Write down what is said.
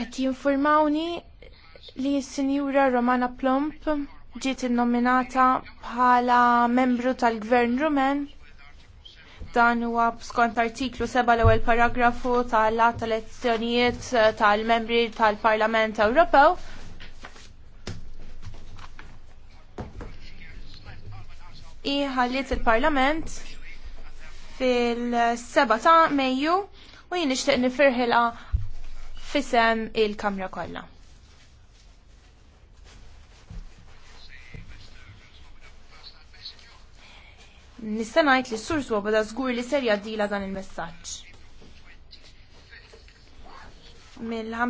Et jinformawni li s-Sinjura Romana Plump ġiet innominata bħala membru tal-Gvern Rumen dan huwa skont artiklu 7 l-ewwel paragrafu tal-att tal-elezzjonijiet tal-membri tal-Parlament Ewropew iħalliet il-Parlament fil-7 ta' Mejju u jien nixtieq nifirħilha fisem il-kamra kollha. Nista' ngħid li s-sur Swoboda żgur li serja dila dan il-messaġġ. mill